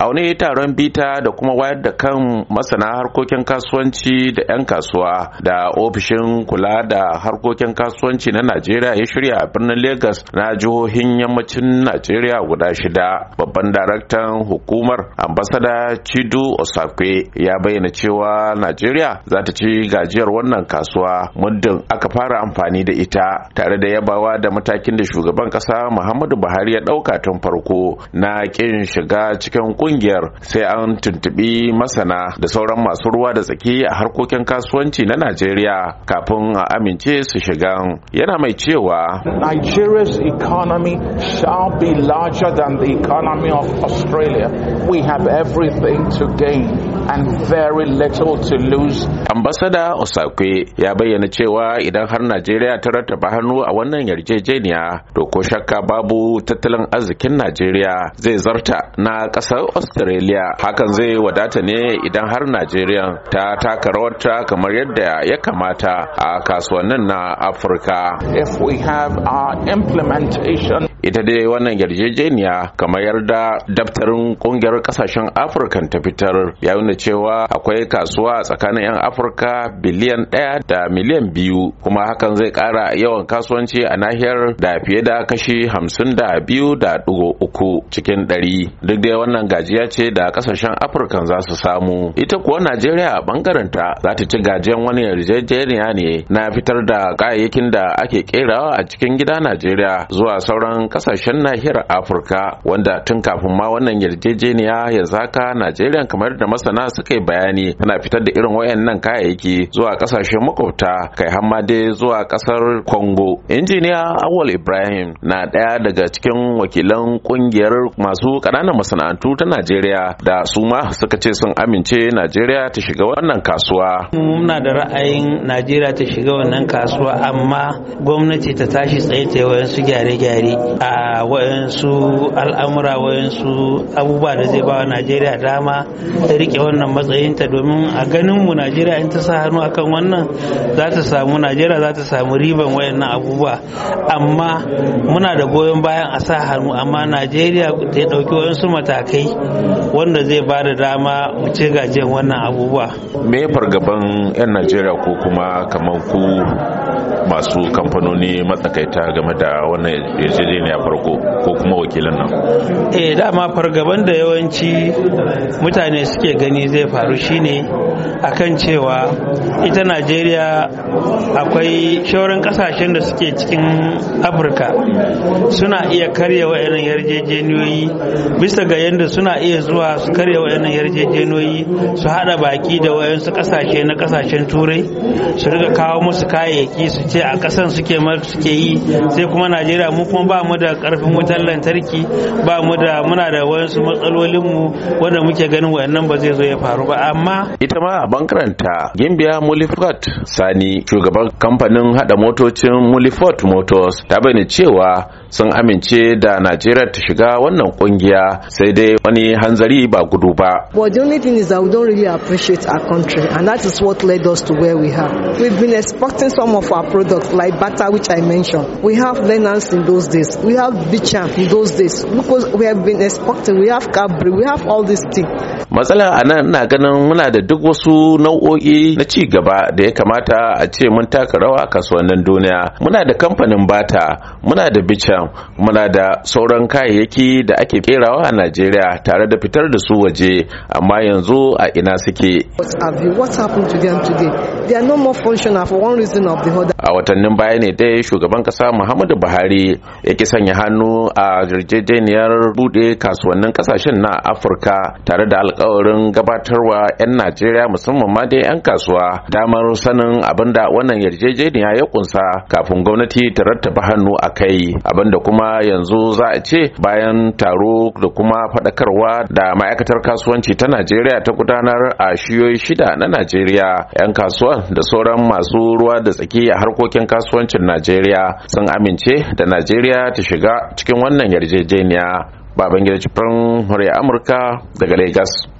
a wani taron bita da kuma wayar da kan masana harkokin kasuwanci da 'yan kasuwa da ofishin kula da harkokin kasuwanci na najeriya ya shirya a birnin Legas na jihohin yammacin najeriya guda shida babban daraktan hukumar ambasada chidu osakwe ya bayyana cewa najeriya za ta ci gajiyar wannan kasuwa muddin aka fara amfani da ita tare da yabawa da matakin da shugaban kasa muhammadu buhari ya ɗauka tun farko na ƙin shiga cikin kungiyar sai an tuntubi masana da sauran masu ruwa da tsaki a harkokin kasuwanci na Najeriya kafin a amince su shiga. Yana mai cewa Nigeria's economy shall be larger than the economy of Australia. We have everything to gain and very little to lose. Ambassador Osakwe ya bayyana cewa idan har Najeriya ta rattaba hannu a wannan yarjejeniya to ko shakka babu tattalin arzikin Najeriya zai zarta na ƙasar australia hakan zai wadata ne idan har najeriya ta taka rawarta kamar yadda ya kamata a kasuwannin na afirka if we ita dai wannan yarjejeniya kamar yarda daftarin kungiyar kasashen afirka ta fitar ya nuna cewa akwai kasuwa a tsakanin 'yan afirka biliyan 1 da miliyan biyu kuma hakan zai ƙara yawan kasuwanci a nahiyar da fiye da kashi hamsin da biyu cikin ɗari duk dai wannan gajiya ce da kasashen afirka za su samu ita kuwa najeriya a ta za ta ci gajiyan wani yarjejeniya ne na fitar da kayayyakin da ake kerawa a cikin gida najeriya zuwa sauran kasashen nahiyar afirka wanda tun kafin ma wannan yarjejeniya ya zaka najeriya kamar da masana suka yi bayani tana fitar da irin wayannan kayayyaki zuwa kasashen makwabta kai hamma zuwa kasar Kongo. injiniya awal ibrahim na daya daga cikin wakilan kungiyar masu ƙananan masana'antu ta Najeriya da su ma suka ce sun amince Najeriya ta shiga wannan kasuwa. Muna da ra'ayin Najeriya ta shiga wannan kasuwa amma gwamnati ta tashi tsaye ta wayansu gyare-gyare a wayansu al'amura wayansu abubuwa da zai ba Najeriya dama ta rike wannan matsayinta domin a ganin mu Najeriya in ta sa hannu akan wannan za ta samu Najeriya za ta samu riban wayannan abubuwa amma muna da goyon bayan a sa hannu amma Najeriya ta ɗauki wayansu matakai wanda zai ba da dama mu ci gajiyar wannan abubuwa me fargaban 'yan najeriya ko kuma kamar ku masu kamfanoni matsakaita game da wannan yarjejeniya farko ko kuma wakilan nan e dama fargaban da yawanci mutane suke gani zai faru shine akan cewa ita najeriya akwai shaurin kasashen da suke cikin afirka suna iya karya wa'irin yarjejeniyoyi bisa ga yadda suna suna iya zuwa su karya wayannan yarjejenoyi su hada baki da wayansu kasashe na kasashen turai su riga kawo musu kayayyaki su ce a kasan suke suke yi sai kuma najeriya mu kuma ba mu da karfin wutar lantarki ba mu da muna da wayansu matsalolin mu wanda muke ganin wayannan ba zai zo ya faru ba amma ita ma a bankaranta gimbiya mulifat sani shugaban kamfanin hada motocin mulifat motors ta bayyana cewa sun amince da najeriya ta shiga wannan kungiya sai dai ne hanzari ba gudu ba. But the only thing is that we don't really appreciate our country and that is what led us to where we are. We've been exporting some of our products like butter which I mentioned. We have Lenance in those days. We have Bicham in those days. Because we have been exporting, we have Cabri, we have all these things. matsala a nan ina ganin muna da duk wasu nau'o'i na ci gaba da ya kamata a ce mun taka rawa a kasuwannin duniya muna da kamfanin bata muna da bichan muna da sauran kayayyaki da ake kerawa a najeriya tare da fitar da su waje amma yanzu a ina suke a watannin baya ne dai shugaban kasa muhammadu buhari ya ki sanya hannu a yarjejeniyar bude kasuwannin kasashen na afirka tare da alƙawarin alkawarin gabatarwa 'yan Najeriya musamman ma dai 'yan kasuwa damar sanin abin da wannan yarjejeniya ya kunsa kafin gwamnati ta rattaba hannu a kai abin kuma yanzu za a ce bayan taro da kuma faɗakarwa da ma'aikatar kasuwanci ta Najeriya ta gudanar a shiyoyi shida na Najeriya 'yan kasuwa da sauran masu ruwa da tsaki a harkokin kasuwancin Najeriya sun amince da Najeriya ta shiga cikin wannan yarjejeniya Babangida Cifrin Murya Amurka daga Legas.